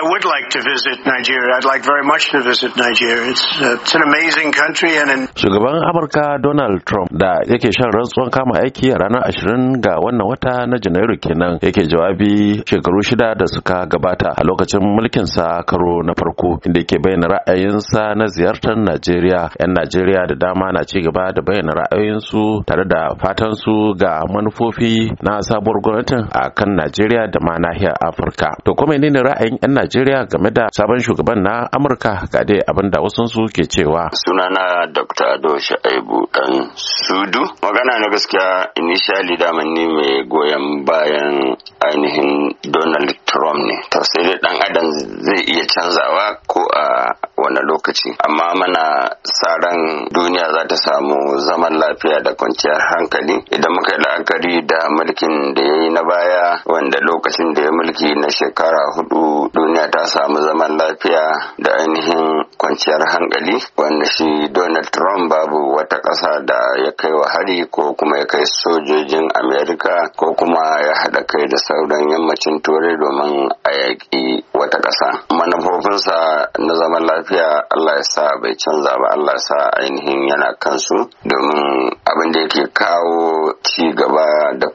I would like to visit Nigeria. I'd like very much to visit Nigeria. It's, uh, it's an amazing country Shugaban Amurka Donald Trump da yake shan rantsuwan kama aiki a ranar 20 ga wannan wata na Janairu kenan yake jawabi shekaru shida da suka gabata a lokacin mulkin sa karo na farko inda yake bayyana ra'ayinsa na ziyartar Najeriya. 'Yan Najeriya da dama na ci gaba da bayyana ra'ayinsu tare da fatansu ga manufofi na sabuwar gwamnatin a kan Najeriya da ma nahiyar Afirka. To kuma ne ra'ayin 'yan Najeriya Najeriya game da sabon shugaban na Amurka ga dai abin da wasu su ke cewa. Sunana Dr. Ado Shaibu dan Sudu. Magana na gaskiya initially daman ne mai goyon bayan ainihin Donald Trump ne. To sai dai dan adam zai iya canzawa ko a wani lokaci. Amma mana sa ran duniya za ta samu zaman lafiya da kwanciyar hankali idan muka la'akari da mulkin da ya yi na baya wanda lokacin da ya mulki na shekara hudu duniya samu zaman lafiya da ainihin kwanciyar hankali wanda shi donald trump babu wata ƙasa da ya kai wa hari ko kuma ya kai sojojin amerika ko kuma ya haɗa kai da sauran yammacin turai domin a yaƙi wata ƙasa manufofinsa na zaman lafiya allah ya sa bai canza ba allah ya sa ainihin yana kansu domin abin da yake kawo ci gaba da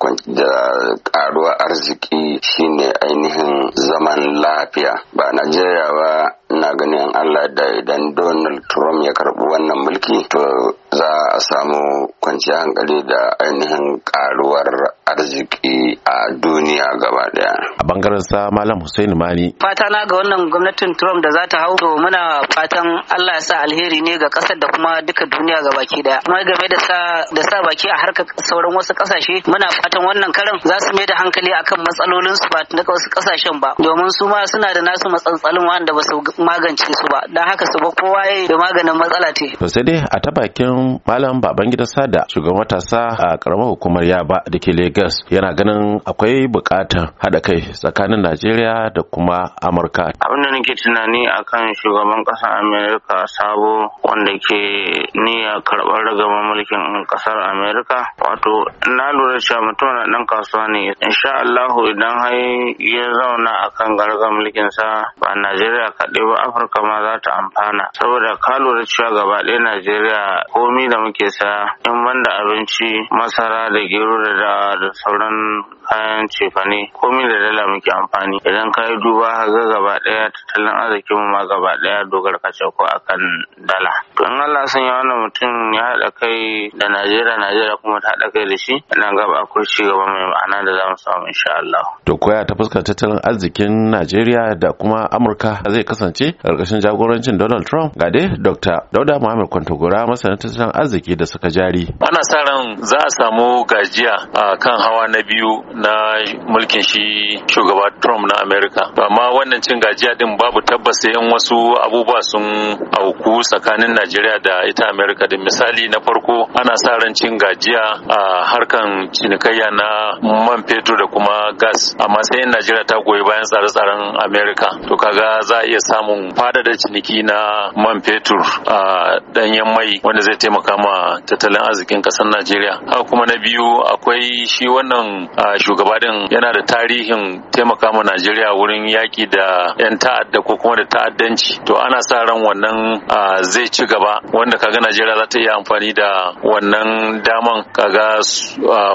ƙaruwar arziki shine ainihin zaman lafiya mulki to za a samu kwanciyar hankali da ainihin karuwar arziki a duniya gaba daya a bangaren sa malam hussein mani fata na ga wannan gwamnatin trump da za ta hau to muna fatan allah ya sa alheri ne ga kasar da kuma duka duniya gaba baki daya kuma game da sa da sa baki a harkar sauran wasu kasashe muna fatan wannan karan za su mai da hankali akan matsalolin su ba na wasu kasashen ba domin su ma suna da nasu matsantsalin wanda ba su magance su ba dan haka su ba kowa yayi da maganin matsala ce to sai dai a ta bakin malam babangida sada shugaban matasa a karamar hukumar yaba da ke Legas Rogers yana ganin akwai bukatar haɗa kai tsakanin Najeriya da kuma Amurka. Abin da nake tunani akan shugaban ƙasar Amerika sabo wanda ke niyya karɓar ragaman mulkin ƙasar Amerika wato na lura cewa mutum na ɗan kasuwa ne insha Allahu idan har ya zauna akan garga mulkin sa ba Najeriya kaɗai ba Afirka ma za ta amfana saboda ka lura cewa gaba ɗaya Najeriya komi da muke saya da abinci masara da gero da dawa da sauran kayan cefane komai da dala muke amfani idan ka yi duba ga gaba daya tattalin arzikin mu ma gaba daya dogar kace ko akan dala to in Allah san ya wannan mutum ya haɗa kai da Najeriya Najeriya kuma ta haɗa kai da shi ina gaba akwai ci gaba mai ma'ana da zamu samu insha Allah to koya ta fuskar tattalin arzikin Najeriya da kuma Amurka zai kasance karkashin jagorancin Donald Trump ga dai Dr. Dauda Muhammad Kwantogora masanin tattalin arziki da suka jari ana sa ran za a samu gajiya a kan hawa na biyu na mulkin shi shugaba trump na america amma wannan cin gajiya din babu tabbas sai in wasu abubuwa sun auku tsakanin najeriya da ita america din misali na farko ana sa ran cin gajiya a harkan cinikayya na man fetur da kuma gas amma sai in najeriya ta goyi bayan tsare-tsaren america to kaga za a iya samun fada da ciniki na man fetur a danyen mai wanda zai taimaka ma tattalin arziki cikin kasar Najeriya. Haka kuma na biyu akwai shi wannan shugaba din yana da tarihin taimaka ma Najeriya wurin yaki da 'yan ta'adda ko kuma da ta'addanci. To ana sa ran wannan zai ci gaba wanda kaga Najeriya za ta iya amfani da wannan daman kaga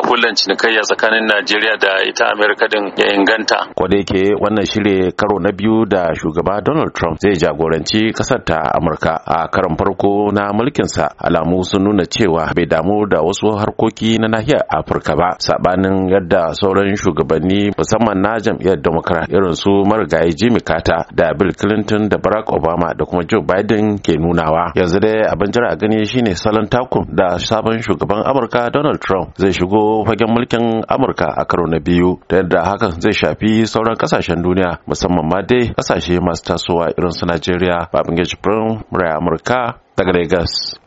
hullan cinikayya tsakanin Najeriya da ita Amerika din ya inganta. Ko da yake wannan shirye karo na biyu da shugaba Donald Trump zai jagoranci kasar ta Amurka a karon farko na mulkinsa alamu sun nuna cewa bai damu damu da wasu harkoki na nahiyar afirka ba sabanin yadda sauran shugabanni musamman na jam'iyyar democrat irin su marigayi jimmy carter da bill clinton da barack obama da kuma joe biden ke nunawa yanzu dai abin jira a gani shine salon takun da sabon shugaban amurka donald trump zai shigo fagen mulkin amurka a karo na biyu ta yadda hakan zai shafi sauran kasashen duniya musamman ma dai kasashe masu tasowa irin su najeriya babin gajibirin murai amurka daga lagos